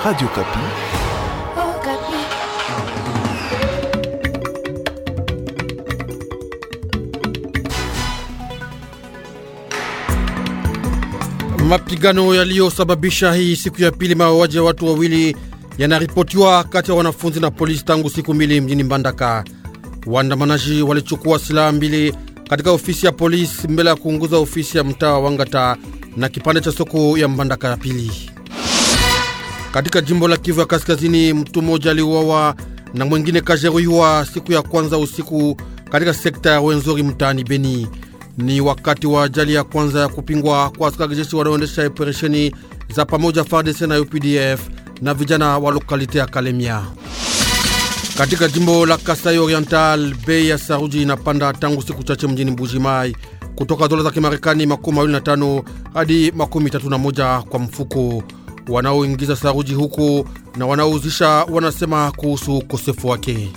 Radio Kapi. Oh, Kapi. Mapigano yaliyosababisha hii siku ya pili mauaji ya watu wawili yanaripotiwa kati ya wanafunzi na polisi tangu siku mbili mjini Mbandaka. Waandamanaji walichukua silaha mbili katika ofisi ya polisi mbele ya kuunguza ofisi ya mtaa Wangata na kipande cha soko ya Mbandaka ya pili. Katika jimbo la Kivu ya Kaskazini, mtu mmoja aliuawa na mwengine kajeruhiwa siku ya kwanza usiku katika sekta ya Wenzori mtaani Beni. Ni wakati wa ajali ya kwanza ya kupingwa kwa askari jeshi wanaoendesha operesheni za pamoja FARDC na UPDF na vijana wa lokalite ya Kalemia. Katika jimbo la Kasai Oriental, bei ya saruji inapanda tangu siku chache mjini Mbujimai kutoka dola za Kimarekani 25 mawili na tano hadi 31 na moja kwa mfuko wanaoingiza saruji huko na wanaouzisha wanasema kuhusu ukosefu wake.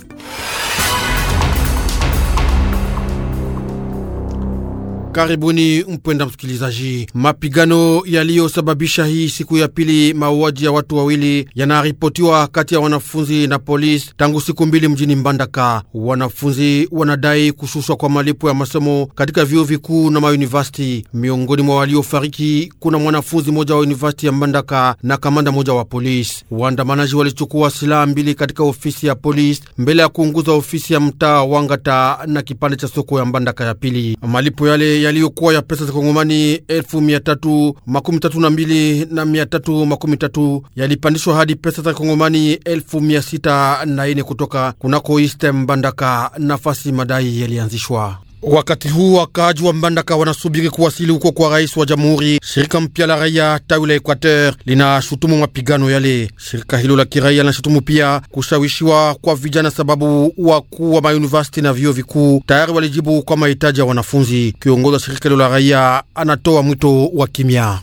Karibuni mpwenda msikilizaji. Mapigano yaliyosababisha hii siku ya pili mauaji ya watu wawili yanaripotiwa kati ya wanafunzi na polisi tangu siku mbili mjini Mbandaka. Wanafunzi wanadai kushushwa kwa malipo ya masomo katika vyuo vikuu na mayunivasiti. Miongoni mwa waliofariki kuna mwanafunzi mmoja wa yunivasiti ya Mbandaka na kamanda mmoja wa polisi. Waandamanaji walichukua silaha mbili katika ofisi ya polisi mbele ya kuunguza ofisi ya mtaa Wangata na kipande cha soko ya Mbandaka ya pili. Malipo yale yaliyokuwa ya pesa za kongomani elfu mia tatu makumi tatu na mbili na mia tatu makumi tatu yalipandishwa hadi pesa za kongomani elfu mia sita na ine kutoka kunako istem Mbandaka, nafasi madai yalianzishwa. Wakati huu wakaaji wa Mbandaka wanasubiri kuwasili huko kwa rais wa jamhuri. Shirika mpya la raia tawi la Equateur linashutumu mapigano yale. Shirika hilo la kiraia linashutumu pia kushawishiwa kwa vijana, sababu wakuu wa mayunivasiti na vyuo vikuu tayari walijibu kwa mahitaji ya wanafunzi. Kiongozi wa shirika hilo la raia anatoa mwito wa kimya.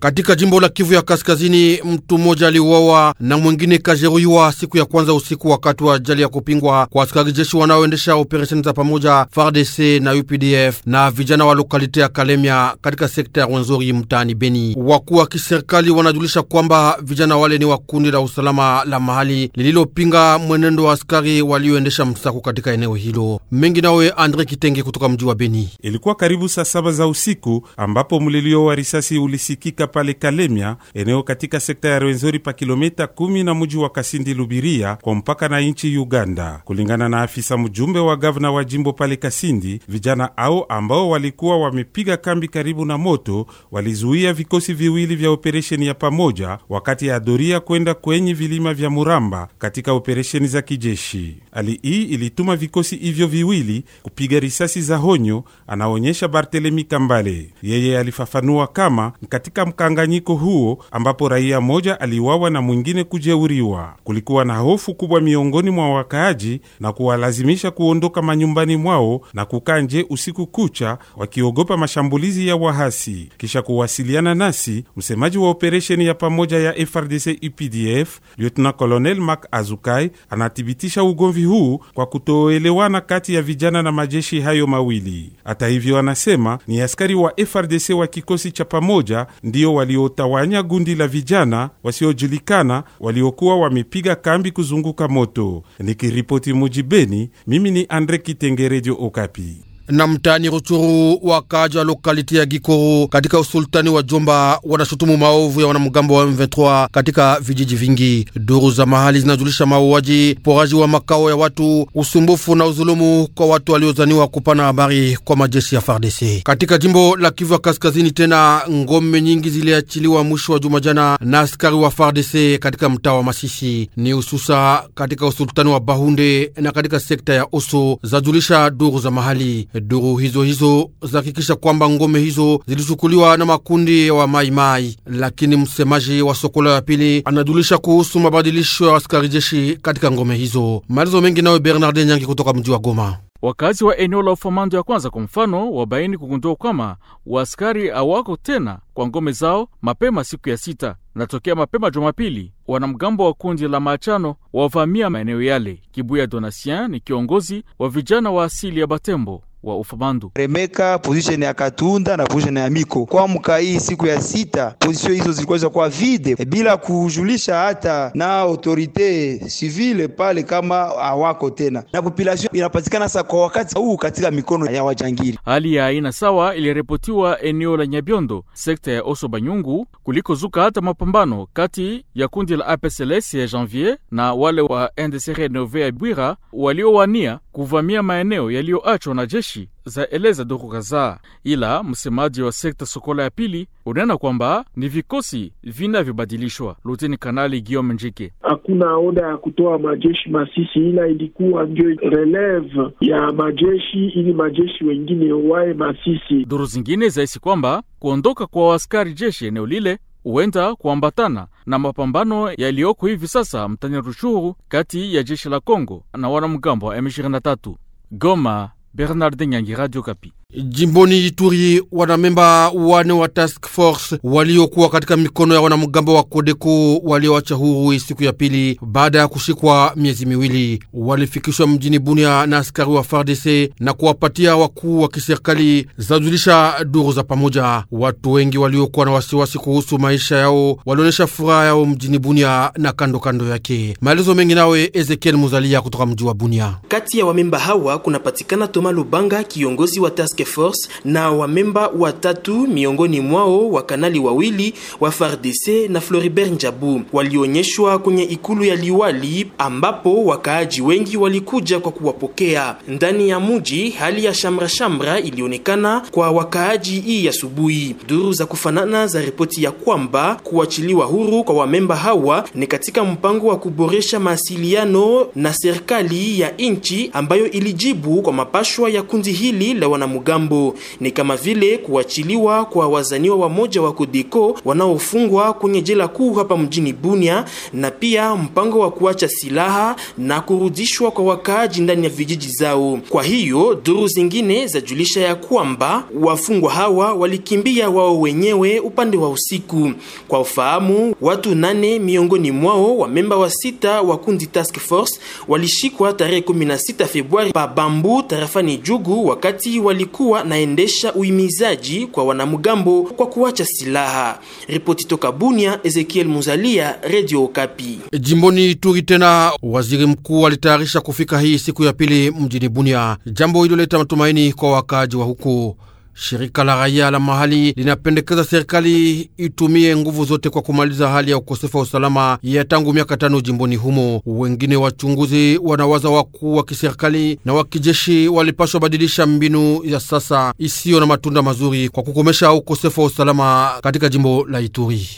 Katika jimbo la Kivu ya Kaskazini, mtu mmoja aliuawa na mwingine kajeruhiwa siku ya kwanza usiku wakati wa ajali ya kupingwa kwa askari jeshi wanaoendesha operesheni za pamoja FARDC na UPDF na vijana wa lokalite ya Kalemia katika sekta ya Rwenzori mtaani Beni. Wakuu wa kiserikali wanajulisha kwamba vijana wale ni wa kundi la usalama la mahali lililopinga mwenendo wa askari walioendesha msako katika eneo hilo. Mengi nawe Andre Kitenge kutoka mji wa Beni. Ilikuwa karibu saa saba za usiku ambapo mlilio wa risasi ulisikika kufika pale Kalemia, eneo katika sekta ya Rwenzori pa kilomita kumi na muji wa Kasindi Lubiria kwa mpaka na nchi Uganda. Kulingana na afisa mjumbe wa gavana wa jimbo pale Kasindi, vijana au ambao walikuwa wamepiga kambi karibu na moto walizuia vikosi viwili vya operesheni ya pamoja wakati ya doria kwenda kwenye vilima vya Muramba katika operesheni za kijeshi. Hali hii ilituma vikosi hivyo viwili kupiga risasi za honyo, anaonyesha Barthelemy Kambale. Yeye alifafanua kama katika mkanganyiko huo ambapo raia moja aliwawa na mwingine kujeuriwa. Kulikuwa na hofu kubwa miongoni mwa wakaaji na kuwalazimisha kuondoka manyumbani mwao na kukaa nje usiku kucha, wakiogopa mashambulizi ya wahasi. Kisha kuwasiliana nasi, msemaji wa operesheni ya pamoja ya FRDC UPDF e Lieutenant Colonel Mark Azukai anathibitisha ugomvi huu kwa kutoelewana kati ya vijana na majeshi hayo mawili. Hata hivyo, anasema ni askari wa FRDC wa kikosi cha pamoja ndio ndiyo waliotawanya gundi la vijana wasiojulikana waliokuwa wamepiga kambi kuzunguka moto. Nikiripoti mujibeni, mimi ni Andre Kitenge, Okapi na mtaani Ruchuru. Wakaaji wa lokaliti ya Gikoro katika usultani wa Jomba wanashutumu maovu ya wanamgambo wa M23 katika vijiji vingi. Duru za mahali zinajulisha mauaji, poraji wa makao ya watu, usumbufu na uzulumu kwa watu waliozaniwa kupana habari kwa majeshi ya FARDC. Katika jimbo la Kivu Kaskazini, tena ngome nyingi ziliachiliwa mwisho wa juma jana na askari wa FARDC katika mtaa wa Masisi ni hususa katika usultani wa Bahunde na katika sekta ya Oso, zajulisha duru za mahali. Duru hizo hizo zahakikisha kwamba ngome hizo zilichukuliwa na makundi ya wa Maimai, lakini msemaji wa Sokola ya pili anajulisha kuhusu mabadilisho ya askari jeshi katika ngome hizo. Malizo mengi nayo Bernard Nyangi kutoka mji wa Goma. Wakazi wa eneo la ufamando ya kwanza kwa mfano wabaini kugundua kwamba waaskari awako tena kwa ngome zao mapema siku ya sita Natokea mapema Jumapili, wanamgambo wa kundi la maachano wavamia maeneo yale. Kibuya Donasien ni kiongozi wa vijana wa asili ya Batembo wa Ufabandu Remeka position ya Katunda na position ya Miko kwa mka hii siku ya sita, position hizo zilikuwa kwa vide e, bila kujulisha hata na autorite civile pale kama hawako tena, na population inapatikana sasa kwa wakati huu katika mikono ya wajangili. Hali ya aina sawa iliripotiwa eneo la Nyabiondo, sekta ya Oso Banyungu, zuka hata mapambano kati ya kundi la APCLS ya Janvier na wale wa NDC Renove ya Bwira waliowania kuvamia maeneo yaliyoachwa na jeshi nchi eleza duru kadhaa, ila msemaji wa sekta Sokola ya pili unena kwamba ni vikosi vinavyobadilishwa. Luteni Kanali Guillaume Njike: hakuna oda ya kutoa majeshi Masisi, ila ilikuwa ndio releve ya majeshi ili majeshi wengine wae Masisi. Duru zingine zaisi kwamba kuondoka kwa waskari jeshi eneo lile huenda kuambatana na mapambano yaliyoko hivi sasa mtani Ruchuru kati ya jeshi la Kongo na wanamgambo wa M23. Goma, Bernardin Yangi Radio Kapi. Jimboni Ituri, wanamemba wane wa task force waliokuwa katika mikono ya wanamgambo wa Kodeko walioacha huru siku ya pili baada ya kushikwa miezi miwili, walifikishwa mjini Bunia na askari wa FARDC na kuwapatia wakuu wa kiserikali, zajulisha duru za pamoja. Watu wengi waliokuwa na wasiwasi kuhusu maisha yao walionyesha furaha yao mjini Bunia na kando kando yake. Maelezo mengi nawe Ezekiel Muzalia kutoka mji wa Bunia. Kati ya wamemba hawa kunapatikana Toma Lubanga, kiongozi wa task Force na wamemba watatu miongoni mwao wa kanali wawili wa FARDC na Floribert Njabu walionyeshwa kwenye ikulu ya liwali, ambapo wakaaji wengi walikuja kwa kuwapokea. Ndani ya muji hali ya shamra ilionekana kwa wakaaji hii asubuhi. Duru za kufanana za ripoti ya kwamba kuachiliwa huru kwa wamemba hawa ni katika mpango wa kuboresha mawasiliano na serikali ya nchi ambayo ilijibu kwa mapashwa ya kundi hili la wanamu wanamgambo, ni kama vile kuachiliwa kwa wazaniwa wamoja wa Kodeko wanaofungwa kwenye jela kuu hapa mjini Bunia, na pia mpango wa kuacha silaha na kurudishwa kwa wakaaji ndani ya vijiji zao. Kwa hiyo duru zingine zajulisha ya kwamba wafungwa hawa walikimbia wao wenyewe upande wa usiku. Kwa ufahamu, watu nane miongoni mwao wamemba wa sita wa kundi task force walishikwa tarehe 16 Februari pa Bambu tarafani Jugu wakati wali alikuwa naendesha uhimizaji kwa wanamgambo kwa kuacha silaha. Ripoti toka Bunia, Ezekiel Muzalia, Radio Okapi. Jimboni Ituri tena waziri mkuu alitayarisha kufika hii siku ya pili mjini Bunia, jambo iloleta matumaini kwa wakaaji wa huko. Shirika la raia la mahali linapendekeza serikali itumie nguvu zote kwa kumaliza hali ya ukosefu wa usalama ya tangu miaka tano jimboni humo. Wengine wachunguzi wanawaza wakuu wa kiserikali na wa kijeshi walipashwa badilisha mbinu ya sasa isiyo na matunda mazuri kwa kukomesha ukosefu wa usalama katika jimbo la Ituri.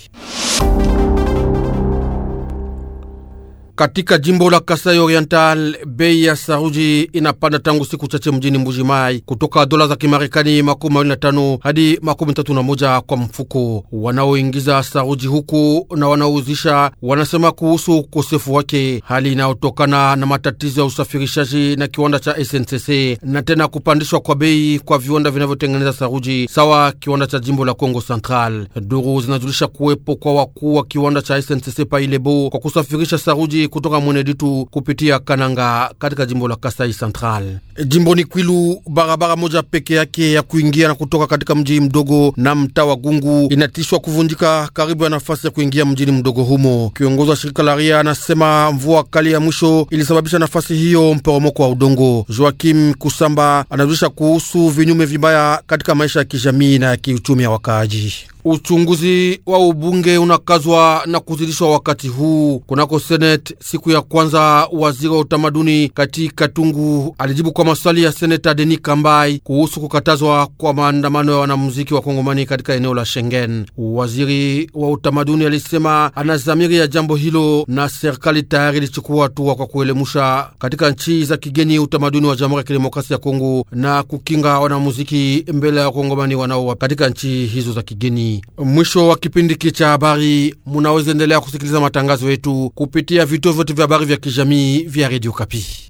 Katika jimbo la Kasai Oriental, bei ya saruji inapanda tangu siku chache mjini Mbujimai kutoka dola za Kimarekani makumi mawili na tano hadi makumi tatu na moja kwa mfuko. Wanaoingiza saruji huku na wanaouzisha wanasema kuhusu ukosefu wake, hali inayotokana na matatizo ya usafirishaji na kiwanda cha SNCC na tena kupandishwa kwa bei kwa viwanda vinavyotengeneza saruji sawa kiwanda cha jimbo la congo Central. Duru zinajulisha kuwepo kwa wakuu wa kiwanda cha SNCC pailebo kwa kusafirisha saruji kutoka Mweneditu kupitia Kananga katika jimbo la Kasai Central. Jimboni Kwilu, barabara moja peke yake ya kuingia na kutoka katika mji mdogo na mtaa wa Gungu inatishwa kuvunjika karibu ya nafasi ya kuingia mjini mdogo humo. Kiongozi wa shirika la ria anasema mvua kali ya mwisho ilisababisha nafasi hiyo mporomoko wa udongo. Joakim Kusamba anajulisha kuhusu vinyume vibaya katika maisha ya kijamii na ya kiuchumi ya wakaaji. Uchunguzi wa ubunge unakazwa na kuzidishwa wakati huu kunako Senate. Siku ya kwanza waziri wa utamaduni katika Katungu alijibu kwa maswali ya seneta Denis Kambai kuhusu kukatazwa kwa maandamano ya wanamuziki wa Kongomani katika eneo la Schengen. Waziri wa utamaduni alisema ana ya jambo hilo na serikali tayari ilichukua hatua kwa kuelemusha katika nchi za kigeni utamaduni wa Jamhuri ya Kidemokrasia ya Kongo na kukinga wanamuziki mbele ya Wakongomani wanaowa katika nchi hizo za kigeni. Mwisho wa kipindi hiki cha habari, munaweza endelea kusikiliza matangazo yetu kupitia vituo vyote vya habari vya kijamii vya Radio Kapi.